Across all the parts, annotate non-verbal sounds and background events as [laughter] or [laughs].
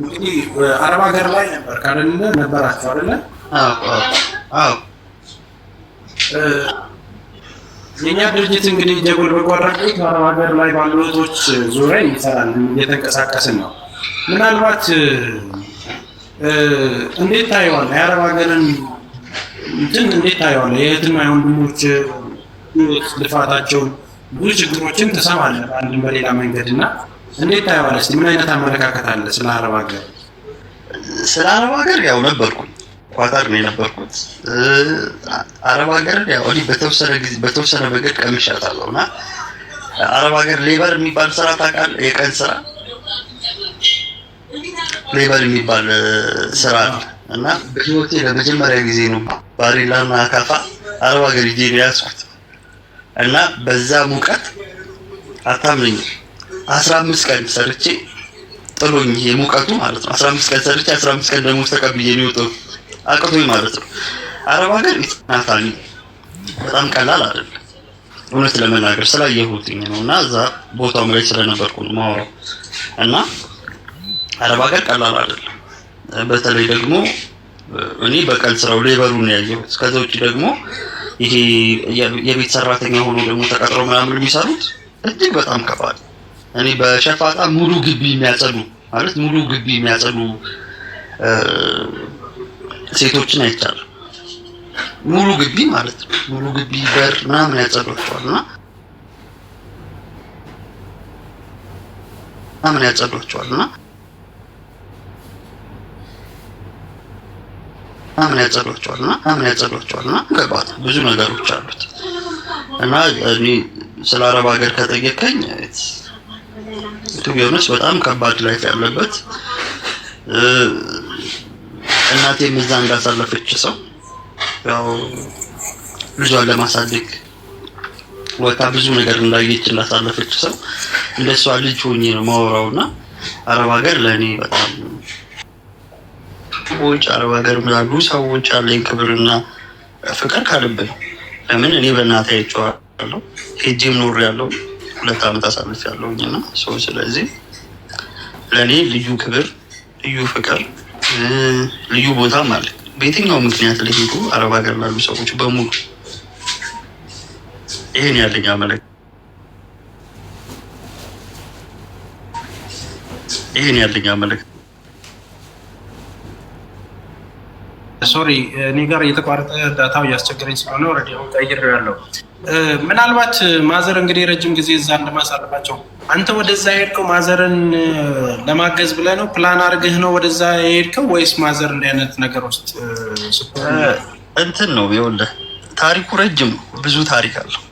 እንግዲህ አረብ ሀገር ላይ ነበር ካለለ ነበራቸው አለ። የእኛ ድርጅት እንግዲህ ጀጎል በጎ አድራጎት አረብ ሀገር ላይ ባሉ እህቶች ዙሪያ ይሰራል፣ እየተንቀሳቀስን ነው። ምናልባት እንዴት ታየዋለህ? የአረብ ሀገርን እንትን እንዴት ታየዋለህ? የእህትና የወንድሞች ልፋታቸውን ብዙ ችግሮችን ትሰማለህ በአንድም በሌላ መንገድ እና እንዴት ታየዋለህ? እስኪ ምን አይነት አመለካከት አለ ስለ አረብ ሀገር? ስለ አረብ ሀገር ያው ነበርኩኝ፣ ኳታር ነው የነበርኩት። አረብ ሀገር ያው እኔ በተወሰነ ጊዜ በተወሰነ መንገድ ቀምሻታለሁ እና አረብ ሀገር ሌበር የሚባል ስራ ታውቃለህ? የቀን ስራ ሌበር የሚባል ስራ ነው እና በህይወቴ ለመጀመሪያ ጊዜ ነው ባሬላና አካፋ አረብ ሀገር ጊዜ ነው ያዝኩት እና በዛ ሙቀት አታምነኝም አስራ አምስት ቀን ሰርቼ ጥሎኝ ይሄ ማለት ነው። አስራ አምስት ቀን ሰርቼ አስራ አምስት ቀን ደግሞ ተቀብዬ የሚወጣው አቅቶኝ ማለት ነው። አረብ ሀገር ናታኝ በጣም ቀላል አይደለም። እውነት ለመናገር ስላየሁትኝ ነው እና እዛ ቦታውም መሬት ስለነበርኩ ነው ማወራው እና አረብ ሀገር ቀላል አይደለም። በተለይ ደግሞ እኔ በቀን ስራው ሌበሩ ነው ያየሁት። ከዛ ውጭ ደግሞ ይሄ የቤት ሰራተኛ ሆኖ ደግሞ ተቀጥሮ ምናምን የሚሰሩት እጅግ በጣም ከባድ እኔ በሸፋጣ ሙሉ ግቢ የሚያጸዱ ማለት ሙሉ ግቢ የሚያጸዱ ሴቶችን አይቻልም። ሙሉ ግቢ ማለት ነው። ሙሉ ግቢ በር ምናምን ያጸዷቸዋል እና ምናምን ያጸዷቸዋል እና ምን ያጸዷቸዋል እና ምን ያጸዷቸዋል እና ገባት ብዙ ነገሮች አሉት እና እኔ ስለ አረብ ሀገር ከጠየቀኝ ቱ ቢሆንስ በጣም ከባድ ላይፍ ያለበት እናቴ ምዛ እንዳሳለፈች ሰው ያው ልጇን ለማሳደግ ወጣ ብዙ ነገር እንዳየች እንዳሳለፈች ሰው እንደሷ ልጅ ሆኜ ነው ማወራው እና አረብ ሀገር ለእኔ በጣም ሰዎች አረብ ሀገር ላሉ ሰዎች ያለኝ ክብርና ፍቅር ካልብኝ ለምን እኔ በእናቴ አይቼዋለሁ ሄጄም ኖሬያለሁ ሁለት ዓመት አሳልፍ ያለውኝ እና ሰው ስለዚህ ለእኔ ልዩ ክብር፣ ልዩ ፍቅር፣ ልዩ ቦታም አለ። በየትኛው ምክንያት ለሄዱ አረብ ሀገር ላሉ ሰዎች በሙሉ ይህን ያለኝ አመለክ ይህን ያለኝ አመለክ ሶሪ እኔ ጋር እየተቋረጠ ዳታው እያስቸገረኝ ስለሆነ ኦልሬዲ ቀይር ያለው ምናልባት ማዘር እንግዲህ ረጅም ጊዜ እዛ እንደማሳልፋቸው አንተ ወደዛ የሄድከው ማዘርን ለማገዝ ብለህ ነው ፕላን አድርገህ ነው ወደዛ የሄድከው ወይስ ማዘር እንዲህ አይነት ነገር ውስጥ እንትን ነው? ይኸውልህ ታሪኩ ረጅም ነው፣ ብዙ ታሪክ አለው።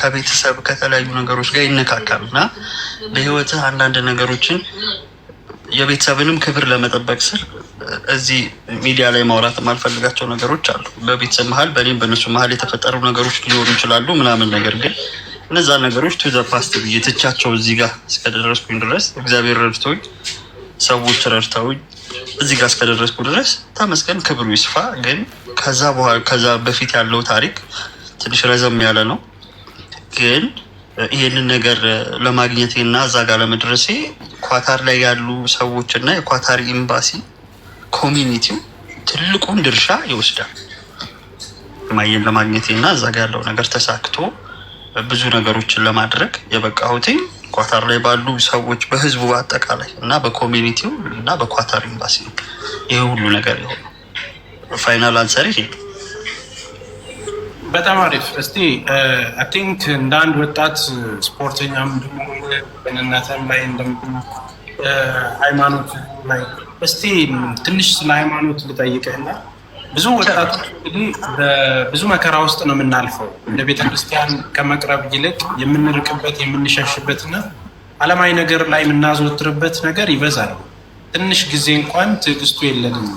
ከቤተሰብ ከተለያዩ ነገሮች ጋር ይነካካል እና በህይወትህ አንዳንድ ነገሮችን የቤተሰብንም ክብር ለመጠበቅ ስል እዚህ ሚዲያ ላይ ማውራት የማልፈልጋቸው ነገሮች አሉ። በቤተሰብ መሀል በእኔም በእነሱ መሀል የተፈጠሩ ነገሮች ሊሆኑ ይችላሉ ምናምን ነገር ግን እነዛ ነገሮች ቱ ዘ ፓስት ብዬ ትቻቸው እዚህ ጋር እስከደረስኩኝ ድረስ እግዚአብሔር ረድቶኝ ሰዎች ረድተውኝ እዚህ ጋር እስከደረስኩ ድረስ ተመስገን፣ ክብሩ ይስፋ። ግን ከዛ በፊት ያለው ታሪክ ትንሽ ረዘም ያለ ነው ግን ይህንን ነገር ለማግኘቴ እና እዛ ጋር ለመድረሴ ኳታር ላይ ያሉ ሰዎች እና የኳታር ኤምባሲ ኮሚኒቲው ትልቁን ድርሻ ይወስዳል። ማየን ለማግኘቴ እና እዛ ጋር ያለው ነገር ተሳክቶ ብዙ ነገሮችን ለማድረግ የበቃሁትኝ ኳታር ላይ ባሉ ሰዎች፣ በህዝቡ አጠቃላይ እና በኮሚኒቲው እና በኳታር ኤምባሲ ነው ይህ ሁሉ ነገር የሆነው። ፋይናል አንሰር ይሄ ነው። በጣም አሪፍ። እስቲ አይ ቲንክ እንደ አንድ ወጣት ስፖርተኛም ደሞነትም ላይ ሃይማኖት ላይ እስቲ ትንሽ ስለ ሃይማኖት ልጠይቅህና ብዙ ወጣቶች እንግዲህ ብዙ መከራ ውስጥ ነው የምናልፈው። እንደ ቤተ ክርስቲያን ከመቅረብ ይልቅ የምንርቅበት የምንሸሽበትና አለማዊ ነገር ላይ የምናዘወትርበት ነገር ይበዛል። ትንሽ ጊዜ እንኳን ትዕግስቱ የለንም።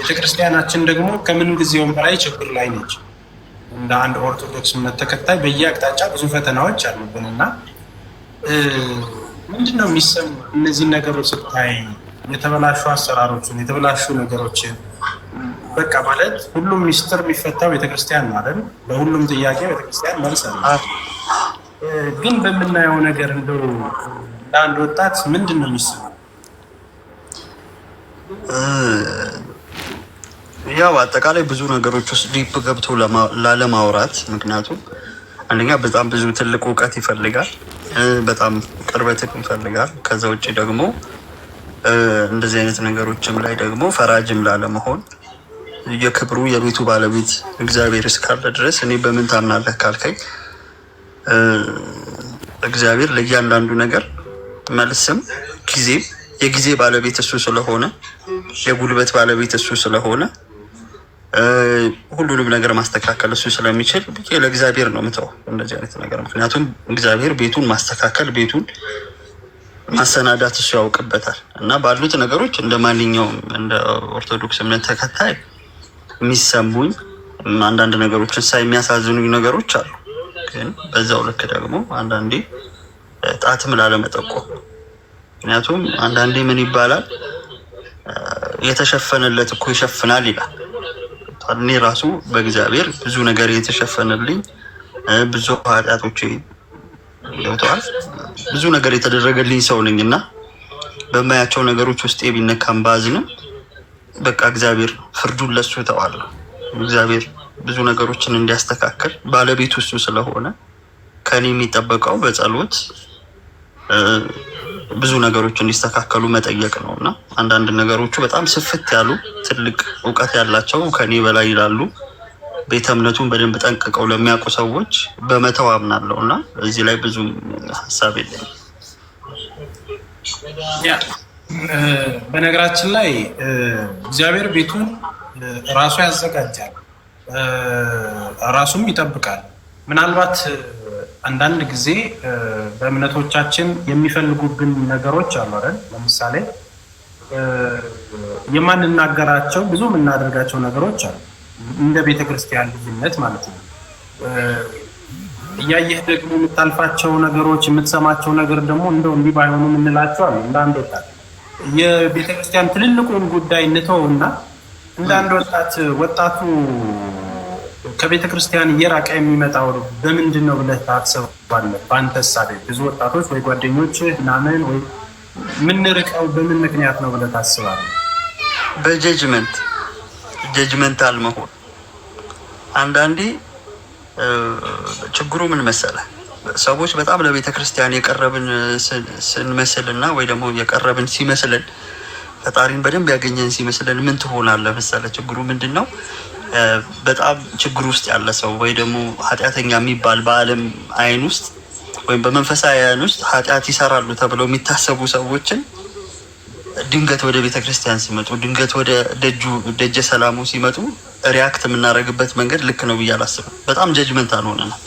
ቤተክርስቲያናችን ደግሞ ከምን ጊዜውም በላይ ችግር ላይ ነች። እንደ አንድ ኦርቶዶክስ እምነት ተከታይ በየአቅጣጫ ብዙ ፈተናዎች አሉብን እና ምንድን ነው የሚሰሙ እነዚህን ነገሮች ስታይ የተበላሹ አሰራሮችን የተበላሹ ነገሮችን በቃ ማለት ሁሉም ሚስጥር የሚፈታው ቤተክርስቲያን ነው አይደል? በሁሉም ጥያቄ ቤተክርስቲያን መልስ አላት። ግን በምናየው ነገር እንደ ለአንድ ወጣት ምንድን ነው የሚሰማው? ያው አጠቃላይ ብዙ ነገሮች ውስጥ ዲፕ ገብቶ ላለማውራት፣ ምክንያቱም አንደኛ በጣም ብዙ ትልቅ እውቀት ይፈልጋል፣ በጣም ቅርበትም ይፈልጋል። ከዛ ውጭ ደግሞ እንደዚህ አይነት ነገሮችም ላይ ደግሞ ፈራጅም ላለመሆን የክብሩ የቤቱ ባለቤት እግዚአብሔር እስካለ ድረስ እኔ በምን ታምናለህ ካልከኝ እግዚአብሔር ለእያንዳንዱ ነገር መልስም ጊዜም የጊዜ ባለቤት እሱ ስለሆነ የጉልበት ባለቤት እሱ ስለሆነ ሁሉንም ነገር ማስተካከል እሱ ስለሚችል ለእግዚአብሔር ነው ምተው እንደዚህ አይነት ነገር። ምክንያቱም እግዚአብሔር ቤቱን ማስተካከል ቤቱን ማሰናዳት እሱ ያውቅበታል እና ባሉት ነገሮች እንደ ማንኛውም እንደ ኦርቶዶክስ እምነት ተከታይ የሚሰሙኝ አንዳንድ ነገሮችን ሳይ የሚያሳዝኑኝ ነገሮች አሉ። ግን በዛው ልክ ደግሞ አንዳንዴ ጣትም ላለመጠቆም ምክንያቱም አንዳንዴ ምን ይባላል የተሸፈነለት እኮ ይሸፍናል ይላል። መጥቷል። እኔ ራሱ በእግዚአብሔር ብዙ ነገር የተሸፈነልኝ ብዙ ኃጢአቶች ገብተዋል። ብዙ ነገር የተደረገልኝ ሰው ነኝ እና በማያቸው ነገሮች ውስጥ ቢነካም ባዝንም በቃ እግዚአብሔር ፍርዱን ለሱ ተዋለ። እግዚአብሔር ብዙ ነገሮችን እንዲያስተካክል ባለቤቱ እሱ ስለሆነ ከኔ የሚጠበቀው በጸሎት ብዙ ነገሮች እንዲስተካከሉ መጠየቅ ነው እና አንዳንድ ነገሮቹ በጣም ስፍት ያሉ ትልቅ እውቀት ያላቸው ከኔ በላይ ይላሉ ቤተ እምነቱን በደንብ ጠንቅቀው ለሚያውቁ ሰዎች በመተው አምናለው እና እዚህ ላይ ብዙ ሀሳብ የለም። በነገራችን ላይ እግዚአብሔር ቤቱን ራሱ ያዘጋጃል፣ ራሱም ይጠብቃል ምናልባት አንዳንድ ጊዜ በእምነቶቻችን የሚፈልጉብን ነገሮች አሉ አይደል? ለምሳሌ የማንናገራቸው ብዙ የምናደርጋቸው ነገሮች አሉ፣ እንደ ቤተ ክርስቲያን ልዩነት ማለት ነው። እያየህ ደግሞ የምታልፋቸው ነገሮች፣ የምትሰማቸው ነገር ደግሞ እንደው እንዲህ ባይሆኑ የምንላቸው አሉ። እንደ አንድ ወጣት የቤተ ክርስቲያን ትልልቁን ጉዳይ እንተው እና እንደ አንድ ወጣት ወጣቱ ከቤተ ክርስቲያን እየራቀ የሚመጣው በምንድን ነው ብለህ ታስባለህ? በአንተ ሳቤ ብዙ ወጣቶች ወይ ጓደኞች ምናምን ወይ የምንርቀው በምን ምክንያት ነው ብለህ ታስባለህ? በጀጅመንት ጀጅመንት አልመሆን። አንዳንዴ ችግሩ ምን መሰለህ፣ ሰዎች በጣም ለቤተ ክርስቲያን የቀረብን ስንመስልና ወይ ደግሞ የቀረብን ሲመስልን ፈጣሪን በደንብ ያገኘን ሲመስለን ምን ትሆናለህ መሰለህ፣ ችግሩ ምንድን ነው በጣም ችግር ውስጥ ያለ ሰው ወይ ደግሞ ኃጢአተኛ የሚባል በዓለም አይን ውስጥ ወይም በመንፈሳዊ አይን ውስጥ ኃጢአት ይሰራሉ ተብለው የሚታሰቡ ሰዎችን ድንገት ወደ ቤተ ክርስቲያን ሲመጡ ድንገት ወደ ደጁ ደጀ ሰላሙ ሲመጡ ሪያክት የምናደርግበት መንገድ ልክ ነው ብዬ አላስብም። በጣም ጀጅመንት አልሆነናል።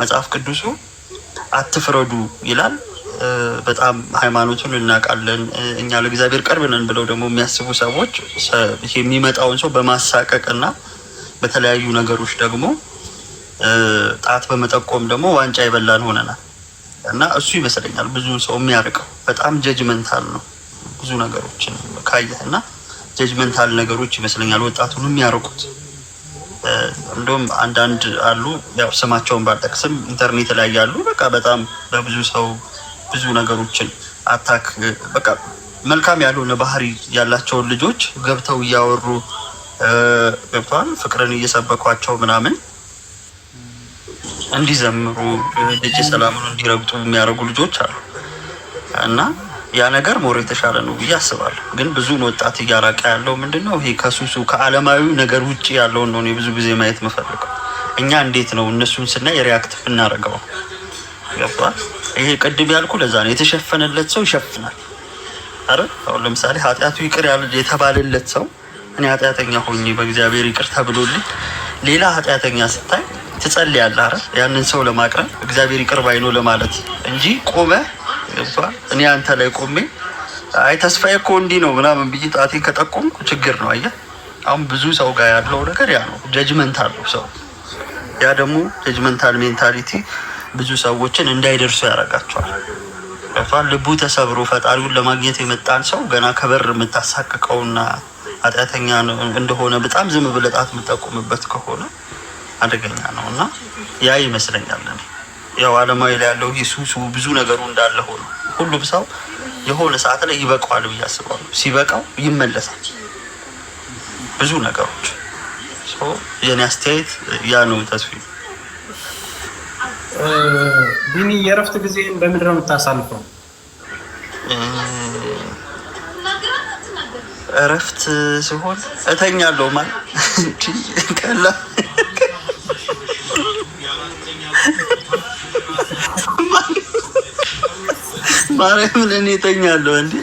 መጽሐፍ ቅዱሱ አትፍረዱ ይላል። በጣም ሃይማኖቱን እናውቃለን እኛ ለእግዚአብሔር ቅርብ ነን ብለው ደግሞ የሚያስቡ ሰዎች የሚመጣውን ሰው በማሳቀቅ እና በተለያዩ ነገሮች ደግሞ ጣት በመጠቆም ደግሞ ዋንጫ የበላን ሆነናል። እና እሱ ይመስለኛል ብዙ ሰው የሚያርቀው በጣም ጀጅመንታል ነው። ብዙ ነገሮችን ካየህ እና ጀጅመንታል ነገሮች ይመስለኛል ወጣቱን የሚያርቁት። እንዲሁም አንዳንድ አሉ ያው ስማቸውን ባልጠቅስም ኢንተርኔት ላይ ያሉ በቃ በጣም ለብዙ ሰው ብዙ ነገሮችን አታክ በቃ መልካም ያልሆነ ባህሪ ያላቸውን ልጆች ገብተው እያወሩ ገብተዋል። ፍቅርን እየሰበኳቸው ምናምን እንዲዘምሩ ልጅ ሰላምን እንዲረግጡ የሚያደርጉ ልጆች አሉ እና ያ ነገር ሞር የተሻለ ነው ብዬ አስባለሁ። ግን ብዙን ወጣት እያራቀ ያለው ምንድን ነው? ይሄ ከሱሱ ከአለማዊ ነገር ውጭ ያለውን ነው ብዙ ጊዜ ማየት የምፈልገው። እኛ እንዴት ነው እነሱን ስናይ ሪያክት እናደርገው? ገብቷል። ይሄ ቅድም ያልኩ ለዛ ነው። የተሸፈነለት ሰው ይሸፍናል። አረ አሁን ለምሳሌ ኃጢአቱ ይቅር የተባለለት ሰው እኔ ኃጢአተኛ ሆኜ በእግዚአብሔር ይቅርታ ብሎልኝ ሌላ ኃጢአተኛ ስታይ ትጸልያለህ አይደል? ያንን ሰው ለማቅረብ እግዚአብሔር ይቅር ባይ ነው ለማለት እንጂ ቆመ እኔ አንተ ላይ ቆሜ አይ ተስፋዬ እኮ እንዲህ ነው ምናምን ብዬ ጣቴን ከጠቆምኩ ችግር ነው። አየህ አሁን ብዙ ሰው ጋር ያለው ነገር ያ ነው። ጀጅመንት አለው ሰው። ያ ደግሞ ጀጅመንታል ሜንታሊቲ ብዙ ሰዎችን እንዳይደርሱ ያደርጋቸዋል። ልቡ ተሰብሮ ፈጣሪውን ለማግኘት የመጣን ሰው ገና ከበር የምታሳቅቀውና ኃጢአተኛ እንደሆነ በጣም ዝም ብለህ ጣት የምጠቁምበት ከሆነ አደገኛ ነው እና ያ ይመስለኛል። ያው አለማዊ ላይ ያለው ሱሱ ብዙ ነገሩ እንዳለ ሆኖ ሁሉም ሰው የሆነ ሰዓት ላይ ይበቃዋል ብዬ አስባለሁ። ሲበቃው ይመለሳል ብዙ ነገሮች። የኔ አስተያየት ያ ነው። ተስፊ ቢኒ፣ የእረፍት ጊዜ በምንድን ነው የምታሳልፈው? እረፍት ሲሆን እተኛለሁ። ማ ቀላ ማርያም ለእኔ እተኛለሁ። እንዲ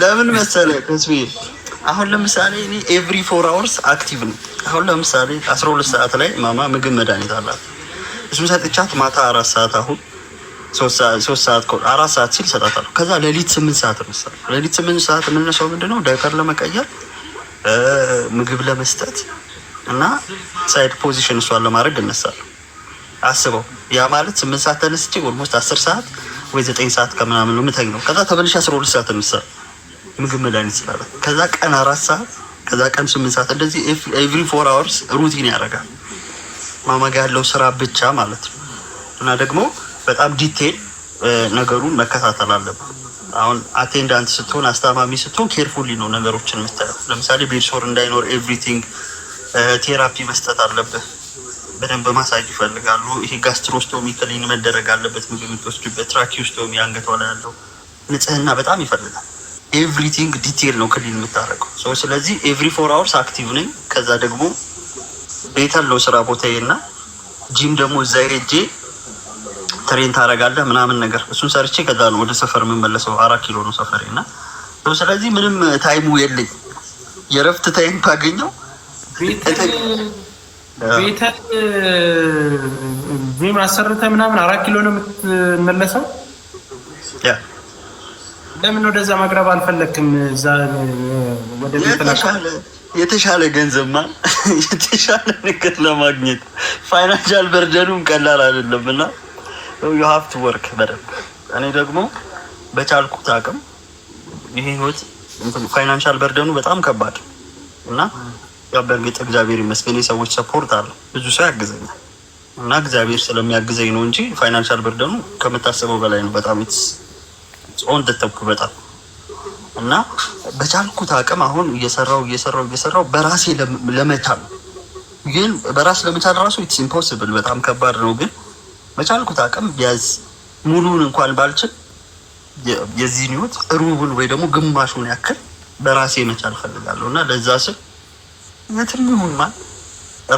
ለምን መሰለ ከስቤ አሁን ለምሳሌ እኔ ኤቭሪ ፎር አወርስ አክቲቭ ነው። አሁን ለምሳሌ አስራ ሁለት ሰዓት ላይ ማማ ምግብ መድኃኒት አላት እሱም ሰጥቻት ማታ አራት ሰዓት አሁን ሶስት ሰዓት አራት ሰዓት ሲል ይሰጣታሉ። ከዛ ሌሊት ስምንት ሰዓት እንነሳ ሌሊት ስምንት ሰዓት የምንነሳው ምንድነው ዳይፐር ለመቀየር ምግብ ለመስጠት እና ሳይድ ፖዚሽን እሷን ለማድረግ እነሳለሁ። አስበው ያ ማለት ስምንት ሰዓት ተነስቼ ኦልሞስት አስር ሰዓት ወይ ዘጠኝ ሰዓት ከምናምን ነው የምተኛው። ከዛ ተመልሼ አስራ ሁለት ሰዓት እነሳለሁ። ምግብ መድኃኒት ስላለ ከዛ ቀን አራት ሰዓት ከዛ ቀን ስምንት ሰዓት እንደዚህ ኤቭሪ ፎር አወርስ ሩቲን ያደርጋል። ማመጋ ያለው ስራ ብቻ ማለት ነው እና ደግሞ በጣም ዲቴል ነገሩን መከታተል አለብን። አሁን አቴንዳንት ስትሆን አስታማሚ ስትሆን ኬርፉሊ ነው ነገሮችን የምታየው። ለምሳሌ ቤድሶር እንዳይኖር ኤቭሪቲንግ ቴራፒ መስጠት አለብህ። በደንብ ማሳጅ ይፈልጋሉ። ይሄ ጋስትሮስቶሚ ክሊን መደረግ አለበት። ምግብ የምትወስድበት ትራኪውስቶሚ አንገቷ ላይ ያለው ንጽህና በጣም ይፈልጋል። ኤቭሪቲንግ ዲቴል ነው ክሊን የምታደርገው ስለዚህ ኤቭሪ ፎር አወርስ አክቲቭ ነኝ። ከዛ ደግሞ ቤት አለው ስራ ቦታዬ እና ጂም ደግሞ እዛ ሄጄ ትሬን ታደርጋለህ ምናምን ነገር እሱን ሰርቼ ከዛ ነው ወደ ሰፈር የምመለሰው። አራት ኪሎ ነው ሰፈር እና ስለዚህ ምንም ታይሙ የለኝ። የረፍት ታይም ባገኘው ቤተን አሰርተ ምናምን አራት ኪሎ ነው የምትመለሰው። ለምን ወደዛ መቅረብ አልፈለግም እዛ ወደ የተሻለ ገንዘብማ [laughs] የተሻለ ነገር ለማግኘት ፋይናንሻል በርደኑም ቀላል አይደለም እና ዩ ሀቭ ቱ ወርክ በደንብ እኔ ደግሞ በቻልኩት አቅም ይሄ ህይወት ፋይናንሻል በርደኑ በጣም ከባድ እና ያው በእርግጥ እግዚአብሔር ይመስገን የሰዎች ሰፖርት አለ፣ ብዙ ሰው ያግዘኛል እና እግዚአብሔር ስለሚያግዘኝ ነው እንጂ ፋይናንሻል በርደኑ ከምታስበው በላይ ነው። በጣም ኦን ደተብኩ በጣም እና በቻልኩት አቅም አሁን እየሰራው እየሰራው እየሰራው በራሴ ለመቻል ግን በራስ ለመቻል ራሱ ኢትስ ኢምፖስብል በጣም ከባድ ነው ግን በቻልኩት አቅም ቢያዝ ሙሉን እንኳን ባልችል የዚህን ህይወት ሩቡን ወይ ደግሞ ግማሹን ያክል በራሴ መቻል ፈልጋለሁ እና ለዛ ስል የትም ይሁን ማን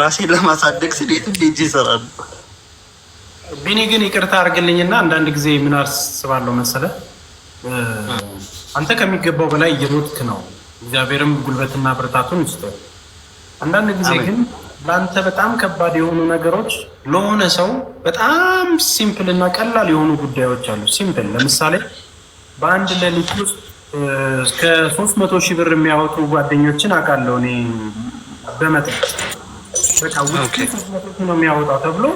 ራሴን ለማሳደግ ስል የትም ሄጄ ይሰራሉ። ቢኒ ግን ይቅርታ አድርግልኝና አንዳንድ ጊዜ ምን አስባለሁ መሰለህ፣ አንተ ከሚገባው በላይ እየሮጥክ ነው። እግዚአብሔርም ጉልበትና ብርታቱን ይስጥ። አንዳንድ ጊዜ ግን ለአንተ በጣም ከባድ የሆኑ ነገሮች ለሆነ ሰው በጣም ሲምፕል እና ቀላል የሆኑ ጉዳዮች አሉ። ሲምፕል ለምሳሌ በአንድ ሌሊት ውስጥ እስከ ሶስት መቶ ሺህ ብር የሚያወጡ ጓደኞችን አውቃለሁ እኔ በመጠ በቃ ነው የሚያወጣው ተብሎ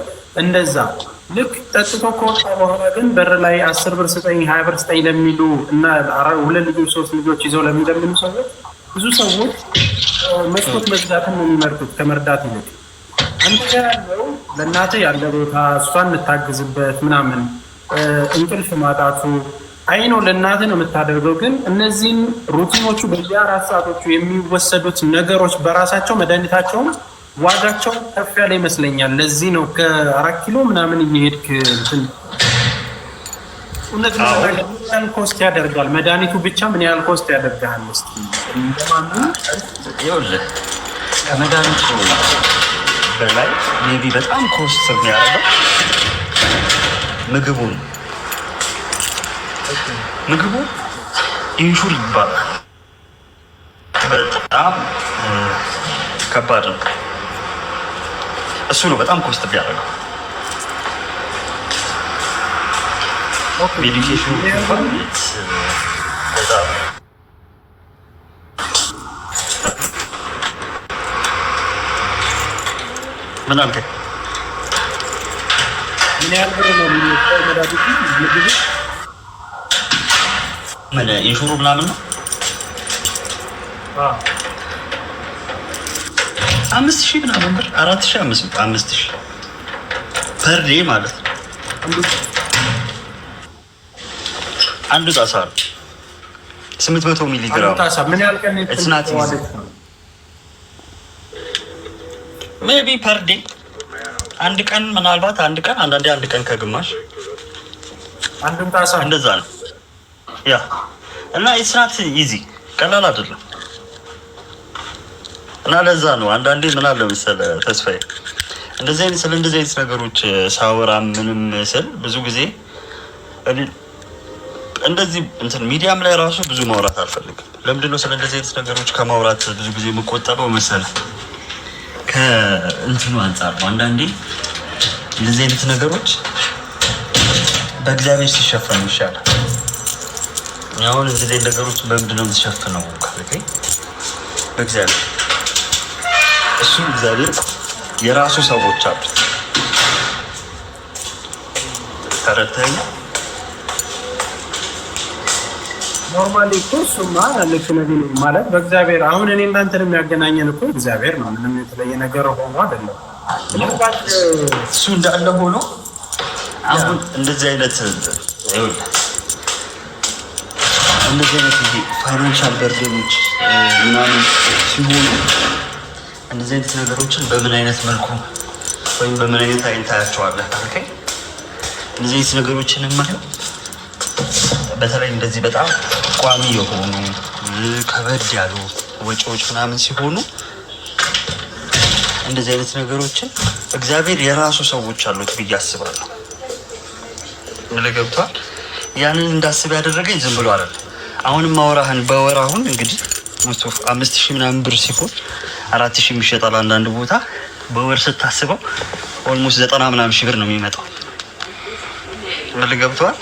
እንደዛ ልክ ጠጥቶ ከወጣ በኋላ ግን በር ላይ አስር ብር ስጠኝ፣ ሀያ ብር ስጠኝ ለሚሉ እና ሁለት ልጆች ሶስት ልጆች ይዘው ለሚለምኑ ሰዎች ብዙ ሰዎች መስኮት መዝጋትን የሚመርጡት ከመርዳት ይልቅ። አንተ ያለው ለእናተ ያለ ቦታ እሷን የምታግዝበት ምናምን እንቅልፍ ማጣቱ አይኖ ለእናትህ ነው የምታደርገው። ግን እነዚህን ሩቲኖቹ በየአራት ሰዓቶቹ የሚወሰዱት ነገሮች በራሳቸው መድኃኒታቸውም ዋጋቸው ከፍ ያለ ይመስለኛል። ለዚህ ነው ከአራት ኪሎ ምናምን እየሄድክ እውነት ያህል ኮስት ያደርጋል መድኃኒቱ ብቻ ምን ያህል ኮስት ያደርጋል? እስኪ ይኸውልህ ከመድኃኒቱ በላይ ሜቢ በጣም ኮስት የሚያደርገው ምግቡ ነው። ምግቡ ኢንሹር ይባላል። በጣም ከባድ ነው። እሱ ነው በጣም ኮስት የሚያደርገው bir iki şimdi var mı hiç? Bedava. Bundan tek. Yine yapıyorum onu. Merak ettiniz mi? Böyle mı problemler mi? አምስት ሺህ ምናምን ብር አራት ሺህ አምስት ሺህ ፐር ዴይ ማለት ነው። አንድ ጣሳር ስምንት መቶ ሚሊ ግራም ሜይ ቢ ፐር ዴይ አንድ ቀን ምናልባት አንድ ቀን አንዳንዴ አንድ ቀን ከግማሽ ጣሳ እንደዛ ነው ያ እና ኢትስናት ኢዚ ቀላል አይደለም። እና ለዛ ነው አንዳንዴ ምን አለ መሰለህ ተስፋዬ እንደዚህ አይነት ስለ እንደዚህ አይነት ነገሮች ሳወራ ምንም ስል ብዙ ጊዜ እንደዚህ እንትን ሚዲያም ላይ ራሱ ብዙ ማውራት አልፈልግም። ለምንድን ነው ስለ እንደዚህ አይነት ነገሮች ከማውራት ብዙ ጊዜ የምቆጠበው መሰለህ? ከእንትኑ አንጻር ነው። አንዳንዴ እንደዚህ አይነት ነገሮች በእግዚአብሔር ሲሸፈኑ ይሻላል። አሁን እዚህ ላይ ነገሮች በምንድን ነው የምትሸፍነው ካልከኝ፣ በእግዚአብሔር እሱ እግዚአብሔር የራሱ ሰዎች አሉት። ተረድተኸኝ? ኖርማሊ እሱማ ያለችው ነገር ማለት በእግዚአብሔር አሁን እኔ እናንተን የሚያገናኘን እኮ እግዚአብሔር ነው። ምንም የተለየ ነገር ሆኖ አይደለም። እሱ እንዳለ ሆኖ አሁን እንደዚህ አይነት እንደዚህ አይነት ፋይናንሻል በርደኖች ምናምን ሲሆኑ እንደዚህ አይነት ነገሮችን በምን አይነት መልኩ ወይም በምን አይነት አይነት ታያቸዋለህ? እንደዚህ አይነት ነገሮችን የማየው በተለይ እንደዚህ በጣም ቋሚ የሆኑ ከበድ ያሉ ወጪዎች ምናምን ሲሆኑ እንደዚህ አይነት ነገሮችን እግዚአብሔር የራሱ ሰዎች አሉት ብዬ አስባለሁ። ምን ገብቷል? ያንን እንዳስብ ያደረገኝ ዝም ብሎ አይደለም። አሁንም ማወራህን በወር አሁን እንግዲህ አምስት ሺህ ምናምን ብር ሲሆን አራት ሺህ የሚሸጣል አንዳንድ ቦታ በወር ስታስበው ኦልሞስት ዘጠና ምናምን ሺህ ብር ነው የሚመጣው። ምን ገብቷል?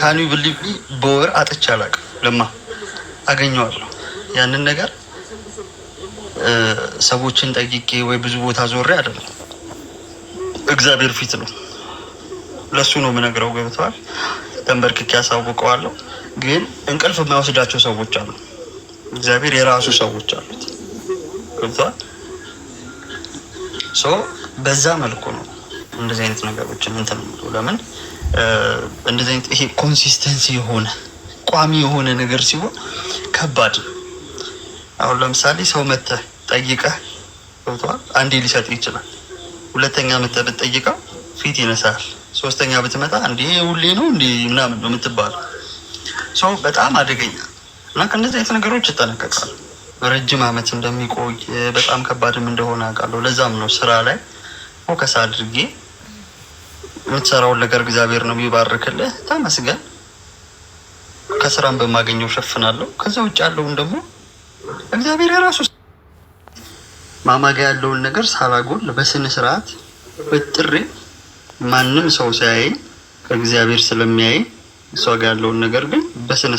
ካኒ ብልቢ በወር አጥቼ አላውቅም። ለማ አገኘዋለሁ። ያንን ነገር ሰዎችን ጠይቄ ወይ ብዙ ቦታ ዞሬ አይደለም፣ እግዚአብሔር ፊት ነው። ለሱ ነው የምነግረው። ገብተዋል። ተንበርክኬ ያሳውቀዋለሁ። ግን እንቅልፍ የማይወስዳቸው ሰዎች አሉ። እግዚአብሔር የራሱ ሰዎች አሉት። ገብተዋል። ሶ በዛ መልኩ ነው እንደዚህ አይነት ነገሮችን እንትን ለምን እንደዚህ ይሄ ኮንሲስተንሲ የሆነ ቋሚ የሆነ ነገር ሲሆን ከባድ ነው። አሁን ለምሳሌ ሰው መተ ጠይቀ ገብተዋል አንዴ ሊሰጥ ይችላል። ሁለተኛ መተ ብትጠይቀው ፊት ይነሳል። ሶስተኛ ብትመጣ እንዲ ሁሌ ነው እንዲ ምናምን ነው የምትባለው። ሰው በጣም አደገኛ እና ከእነዚህ አይነት ነገሮች ይጠነቀቃል። ረጅም ዓመት እንደሚቆይ በጣም ከባድም እንደሆነ አውቃለሁ። ለዛም ነው ስራ ላይ ፎከስ አድርጌ የምትሰራውን ነገር እግዚአብሔር ነው የሚባርክልህ። ተመስገን። ከስራም በማገኘው ሸፍናለሁ። ከዛ ውጭ ያለውን ደግሞ እግዚአብሔር የራሱ ማማጋ ያለውን ነገር ሳላጎል በስነ ስርዓት በጥሬ ማንም ሰው ሲያይ ከእግዚአብሔር ስለሚያይ እሷ ጋር ያለውን ነገር ግን በስነ